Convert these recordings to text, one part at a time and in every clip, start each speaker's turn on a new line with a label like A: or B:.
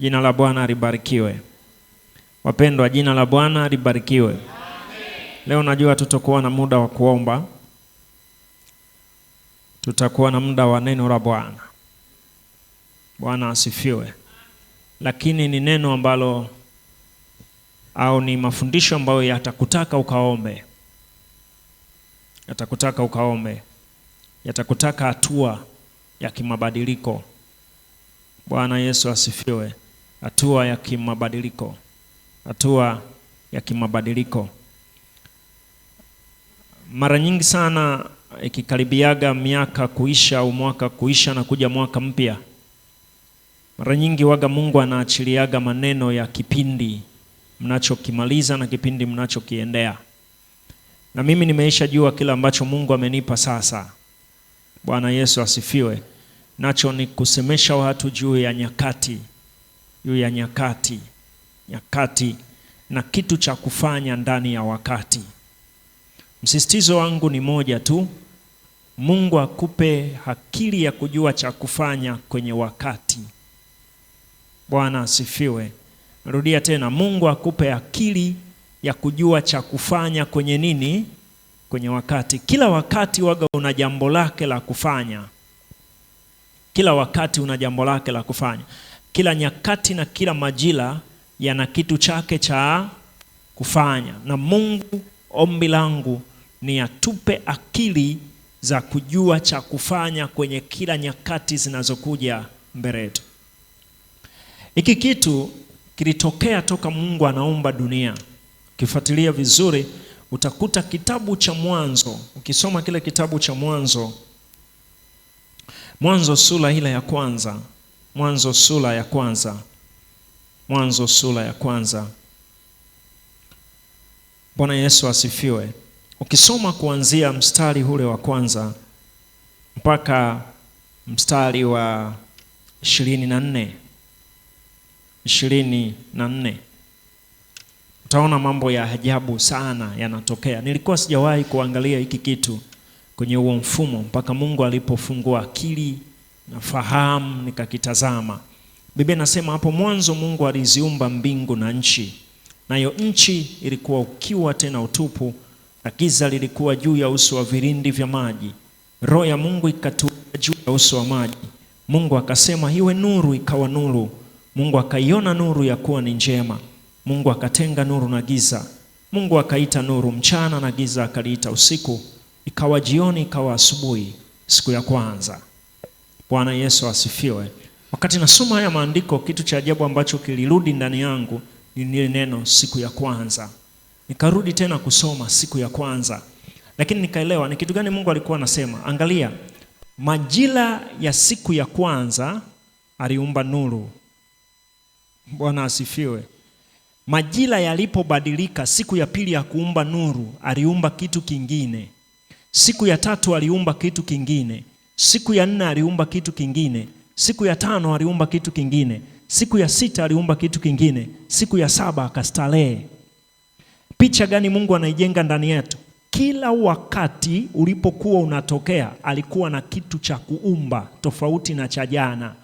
A: Jina la Bwana libarikiwe. Wapendwa, jina la Bwana libarikiwe. Leo najua tutakuwa na muda wa kuomba, tutakuwa na muda wa neno la Bwana. Bwana asifiwe. Lakini ni neno ambalo au ni mafundisho ambayo yatakutaka ukaombe, yatakutaka ukaombe, yatakutaka hatua ya kimabadiliko. Bwana Yesu asifiwe hatua ya kimabadiliko, hatua ya kimabadiliko. Mara nyingi sana eh, ikikaribiaga miaka kuisha au mwaka kuisha na kuja mwaka mpya, mara nyingi waga Mungu anaachiliaga maneno ya kipindi mnachokimaliza na kipindi mnachokiendea. Na mimi nimeisha jua kile ambacho Mungu amenipa sasa. Bwana Yesu asifiwe. Nacho ni kusemesha watu juu ya nyakati juu ya nyakati, nyakati na kitu cha kufanya ndani ya wakati. Msisitizo wangu ni moja tu, Mungu akupe akili ya kujua cha kufanya kwenye wakati. Bwana asifiwe. Narudia tena, Mungu akupe akili ya kujua cha kufanya kwenye nini? Kwenye wakati. Kila wakati waga una jambo lake la kufanya, kila wakati una jambo lake la kufanya. Kila nyakati na kila majira yana kitu chake cha kufanya, na Mungu, ombi langu ni atupe akili za kujua cha kufanya kwenye kila nyakati zinazokuja mbele yetu. Hiki kitu kilitokea toka Mungu anaumba dunia. Ukifuatilia vizuri, utakuta kitabu cha Mwanzo. Ukisoma kile kitabu cha Mwanzo, Mwanzo sura ile ya kwanza Mwanzo sura ya kwanza. Mwanzo sura ya kwanza. Bwana Yesu asifiwe. Ukisoma kuanzia mstari ule wa kwanza mpaka mstari wa ishirini na nne ishirini na nne utaona mambo ya ajabu sana yanatokea. Nilikuwa sijawahi kuangalia hiki kitu kwenye huo mfumo mpaka Mungu alipofungua akili nafahamu, nikakitazama. Biblia inasema hapo mwanzo Mungu aliziumba mbingu na nchi, nayo nchi ilikuwa ukiwa tena utupu, na giza lilikuwa juu ya uso wa vilindi vya maji. Roho ya Mungu ikatua juu ya uso wa maji. Mungu akasema, iwe nuru, ikawa nuru. Mungu akaiona nuru ya kuwa ni njema. Mungu akatenga nuru na giza. Mungu akaita nuru mchana na giza akaliita usiku. Ikawa jioni, ikawa asubuhi, siku ya kwanza. Bwana Yesu asifiwe. Wakati nasoma haya maandiko, kitu cha ajabu ambacho kilirudi ndani yangu ni lile neno siku ya kwanza. Nikarudi tena kusoma siku ya kwanza, lakini nikaelewa ni kitu gani Mungu alikuwa anasema. Angalia, majira ya siku ya kwanza aliumba nuru. Bwana asifiwe. Majira yalipobadilika, siku ya pili ya kuumba nuru aliumba kitu kingine, siku ya tatu aliumba kitu kingine Siku ya nne aliumba kitu kingine, siku ya tano aliumba kitu kingine, siku ya sita aliumba kitu kingine, siku ya saba akastarehe. Picha gani Mungu anaijenga ndani yetu? Kila wakati ulipokuwa unatokea alikuwa na kitu cha kuumba tofauti na cha jana.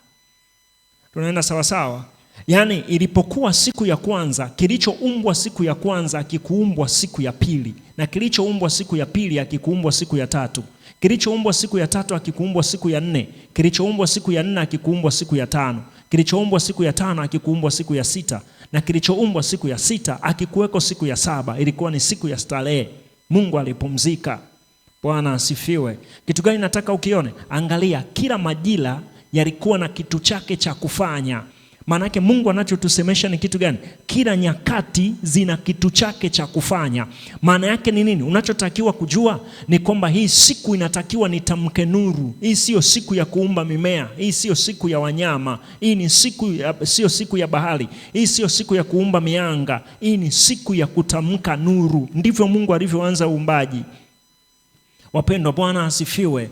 A: Tunaenda sawa? Yaani, ilipokuwa siku ya kwanza, kilichoumbwa siku ya kwanza akikuumbwa siku ya pili, na kilichoumbwa siku ya pili akikuumbwa siku ya tatu. Kilichoumbwa siku ya tatu akikuumbwa siku ya nne, kilichoumbwa siku ya nne akikuumbwa siku ya tano, kilichoumbwa siku ya tano akikuumbwa siku ya sita, na kilichoumbwa siku ya sita akikuweko siku ya saba. Ilikuwa ni siku ya starehe, Mungu alipumzika. Bwana asifiwe. Kitu gani nataka ukione? Angalia, kila majira yalikuwa na kitu chake cha kufanya. Maanake Mungu anachotusemesha ni kitu gani? Kila nyakati zina kitu chake cha kufanya. Maana yake ni nini? Unachotakiwa kujua ni kwamba hii siku inatakiwa nitamke nuru. Hii siyo siku ya kuumba mimea, hii siyo siku ya wanyama, hii ni siku ya, siyo siku ya bahari, hii siyo siku ya kuumba mianga, hii ni siku ya kutamka nuru. Ndivyo Mungu alivyoanza uumbaji. Wapendwa, Bwana asifiwe.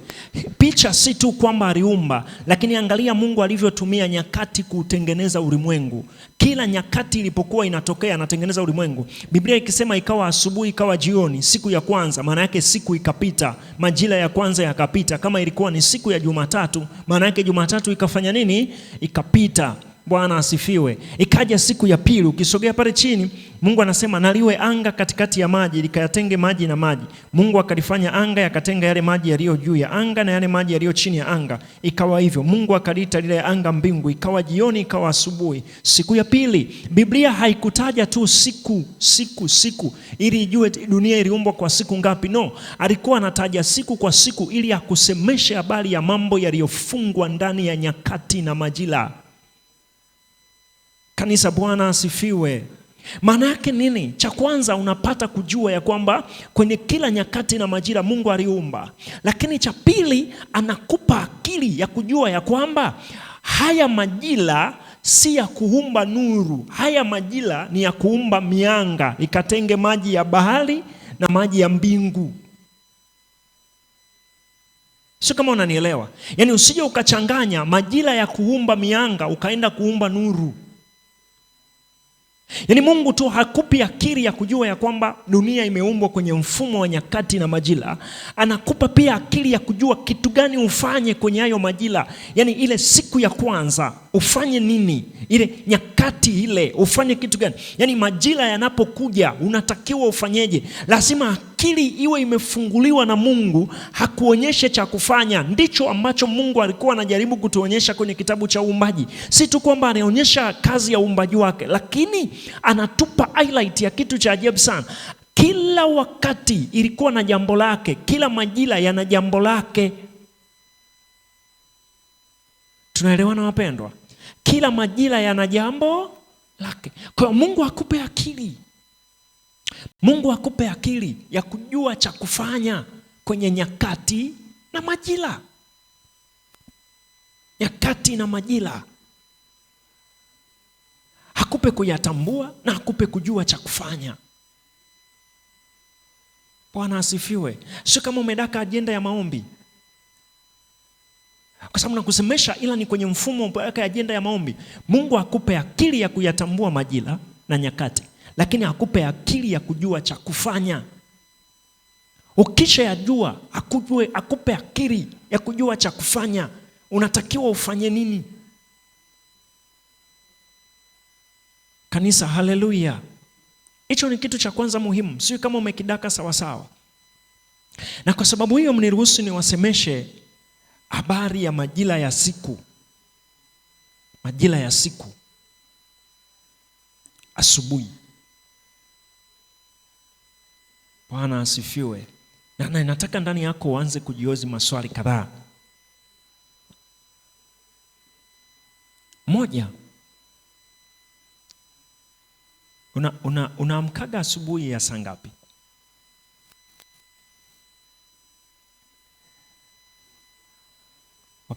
A: Picha si tu kwamba aliumba, lakini angalia Mungu alivyotumia nyakati kuutengeneza ulimwengu. Kila nyakati ilipokuwa inatokea, anatengeneza ulimwengu. Biblia ikisema ikawa asubuhi, ikawa jioni, siku ya kwanza, maana yake siku ikapita, majira ya kwanza yakapita. Kama ilikuwa ni siku ya Jumatatu, maana yake Jumatatu ikafanya nini? Ikapita. Bwana asifiwe. Ikaja siku ya pili, ukisogea pale chini, Mungu anasema naliwe anga katikati ya maji likayatenge maji na maji. Mungu akalifanya anga, yakatenga yale maji yaliyo juu ya anga na yale maji yaliyo chini ya anga, ikawa hivyo. Mungu akaliita lile anga mbingu, ikawa jioni, ikawa asubuhi. Siku ya pili, Biblia haikutaja tu siku siku siku ili ijue dunia iliumbwa kwa siku ngapi. No, alikuwa anataja siku kwa siku ili akusemeshe habari ya mambo yaliyofungwa ndani ya nyakati na majira. Kanisa, Bwana asifiwe. Maana yake nini? Cha kwanza unapata kujua ya kwamba kwenye kila nyakati na majira Mungu aliumba, lakini cha pili anakupa akili ya kujua ya kwamba haya majira si ya kuumba nuru, haya majira ni ya kuumba mianga ikatenge maji ya bahari na maji ya mbingu. Sio kama unanielewa? Yaani usije ukachanganya majira ya kuumba mianga ukaenda kuumba nuru. Yaani Mungu tu hakupi akili ya kujua ya kwamba dunia imeumbwa kwenye mfumo wa nyakati na majila Anakupa pia akili ya kujua kitu gani ufanye kwenye hayo majila yaani ile siku ya kwanza ufanye nini, ile nyakati ile ufanye kitu gani? Yaani majira yanapokuja unatakiwa ufanyeje? Lazima akili iwe imefunguliwa na Mungu hakuonyeshe cha kufanya. Ndicho ambacho Mungu alikuwa anajaribu kutuonyesha kwenye kitabu cha uumbaji, si tu kwamba anaonyesha kazi ya uumbaji wake, lakini anatupa highlight ya kitu cha ajabu sana. Kila wakati ilikuwa na jambo lake, kila majira yana jambo lake. Tunaelewana wapendwa? Kila majira yana jambo lake. Kwa Mungu akupe akili, Mungu akupe akili ya kujua cha kufanya kwenye nyakati na majira, nyakati na majira, akupe kuyatambua na akupe kujua cha kufanya. Bwana asifiwe. Sio kama umedaka ajenda ya maombi kwa sababu nakusemesha, ila ni kwenye mfumo weka ajenda ya maombi. Mungu akupe akili ya kuyatambua majira na nyakati, lakini akupe akili ya kujua cha kufanya. Ukisha yajua akujue, akupe akili ya kujua cha kufanya, unatakiwa ufanye nini kanisa? Haleluya! Hicho ni kitu cha kwanza muhimu, sio kama umekidaka sawasawa. Na kwa sababu hiyo mniruhusu niwasemeshe habari ya majira ya siku, majira ya siku, asubuhi. Bwana asifiwe. Na nataka ndani yako uanze kujiozi maswali kadhaa. Moja, unaamkaga una, una asubuhi ya saa ngapi?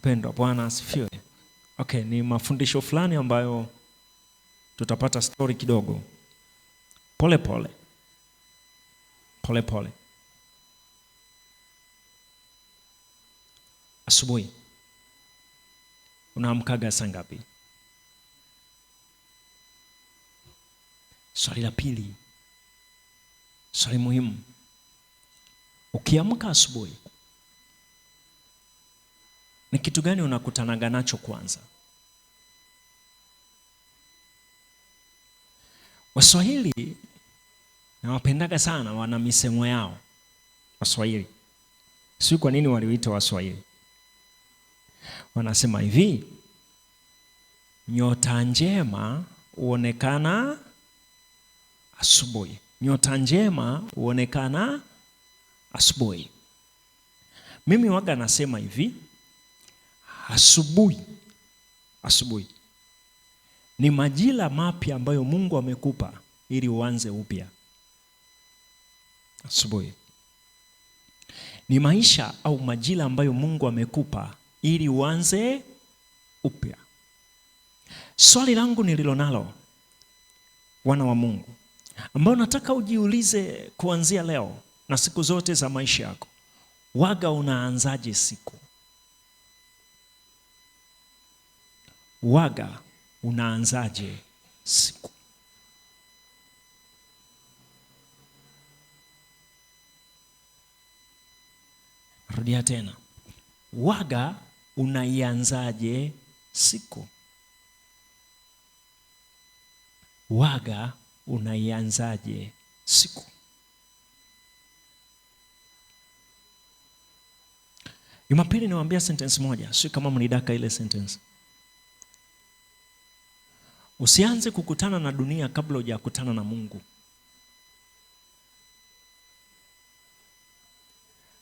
A: mpendwa Bwana asifiwe. Okay, ni mafundisho fulani ambayo tutapata story kidogo pole pole pole pole. Asubuhi unaamkaga saa ngapi? Swali la pili, swali muhimu, ukiamka asubuhi ni kitu gani unakutanaga nacho kwanza? Waswahili nawapendaga sana, wana misemo yao Waswahili, sijui kwa nini waliuita Waswahili. Wanasema hivi, nyota njema huonekana asubuhi. Nyota njema huonekana asubuhi. Mimi waga nasema hivi asubuhi asubuhi ni majira mapya ambayo Mungu amekupa ili uanze upya. Asubuhi ni maisha au majira ambayo Mungu amekupa ili uanze upya. Swali langu lilo nalo, wana wa Mungu, ambao nataka ujiulize kuanzia leo na siku zote za maisha yako, waga unaanzaje siku? waga unaanzaje siku. Rudia tena, waga unaianzaje siku? Waga unaianzaje siku? Jumapili niwaambia sentence moja, si kama mnidaka ile sentence Usianze kukutana na dunia kabla hujakutana na Mungu.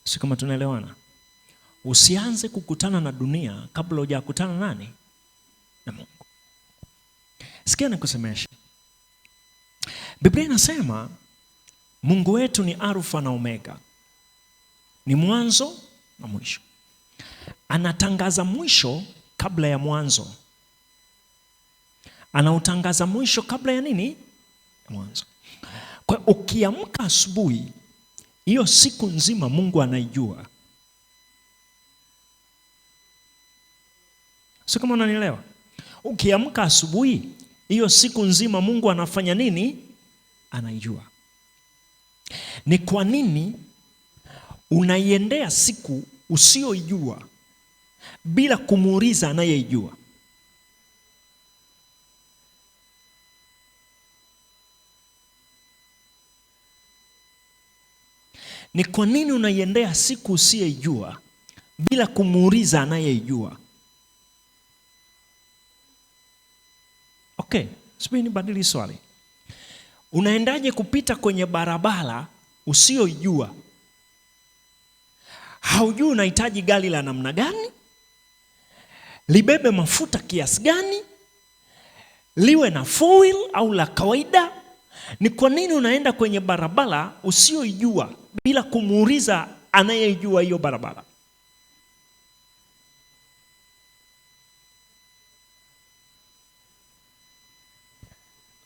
A: Si kama tunaelewana? Usianze kukutana na dunia kabla hujakutana nani? Na Mungu. Sikia nikusemeshe. Biblia inasema Mungu wetu ni Alfa na Omega, ni mwanzo na mwisho. Anatangaza mwisho kabla ya mwanzo anautangaza mwisho kabla ya nini? Mwanzo. Kwa ukiamka asubuhi hiyo siku nzima Mungu anaijua, sio kama unanielewa? Ukiamka asubuhi hiyo siku nzima Mungu anafanya nini? Anaijua. Ni kwa nini unaiendea siku usioijua bila kumuuliza anayeijua? Ni kwa nini unaiendea siku usiyejua bila kumuuliza anayeijua? Okay, ni badili swali. Unaendaje kupita kwenye barabara usiyojua? Haujui unahitaji gari la namna gani, libebe mafuta kiasi gani, liwe na foil au la kawaida ni kwa nini unaenda kwenye barabara usioijua bila kumuuliza anayeijua hiyo barabara?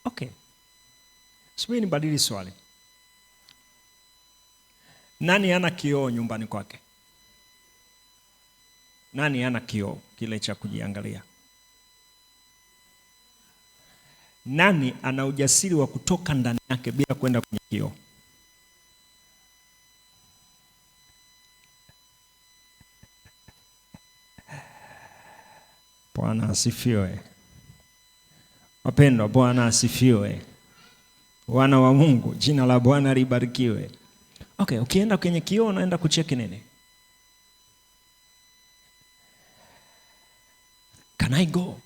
A: Okay. Subiri nibadili swali. Nani ana kioo nyumbani kwake? Nani ana kioo kile cha kujiangalia? nani ana ujasiri wa kutoka ndani yake bila kwenda kwenye kioo? Bwana asifiwe. Wapendwa, Bwana asifiwe. Wana wa Mungu, jina la Bwana libarikiwe. Okay, ukienda kwenye kioo unaenda kucheki nini? Can I go?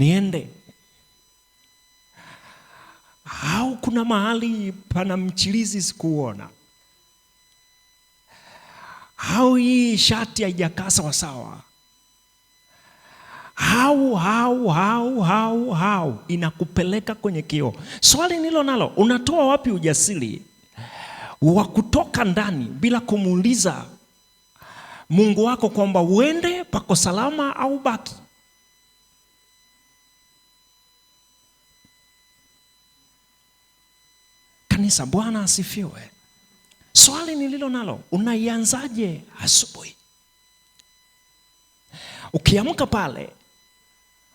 A: niende au kuna mahali pana mchilizi sikuona, au hii shati haijakaa sawasawa, au au au au au inakupeleka kwenye kio Swali nilo nalo, unatoa wapi ujasiri wa kutoka ndani bila kumuuliza Mungu wako kwamba uende pako salama au baki? kanisa. Bwana asifiwe. Swali nililo nalo, unaianzaje asubuhi? Ukiamka pale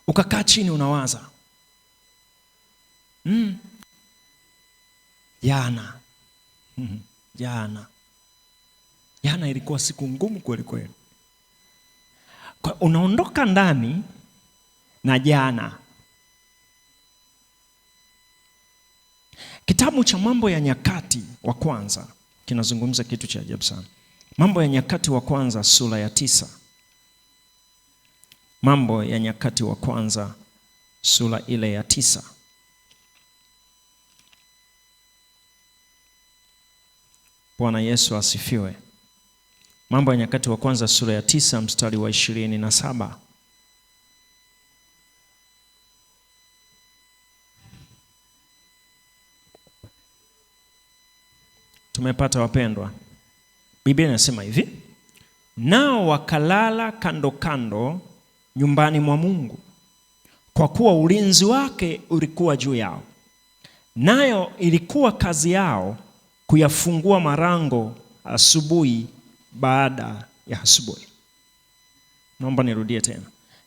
A: ukakaa chini unawaza mm, jana mm, jana jana ilikuwa siku ngumu kweli kweli. Unaondoka ndani na jana Kitabu cha Mambo ya Nyakati wa Kwanza kinazungumza kitu cha ajabu sana. Mambo ya Nyakati wa Kwanza sura ya tisa. Mambo ya Nyakati wa Kwanza sura ile ya tisa. Bwana Yesu asifiwe. Mambo ya Nyakati wa Kwanza sura ya tisa mstari wa ishirini na saba. tumepata wapendwa. Biblia inasema hivi, nao wakalala kando kando nyumbani mwa Mungu, kwa kuwa ulinzi wake ulikuwa juu yao, nayo ilikuwa kazi yao kuyafungua marango asubuhi baada ya asubuhi. Naomba nirudie tena,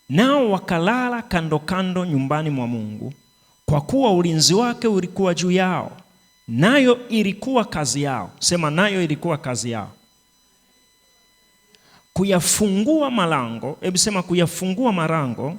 A: nao wakalala kando kando nyumbani mwa Mungu, kwa kuwa ulinzi wake ulikuwa juu yao nayo ilikuwa kazi yao. Sema, nayo ilikuwa kazi yao kuyafungua malango. Hebu sema, kuyafungua malango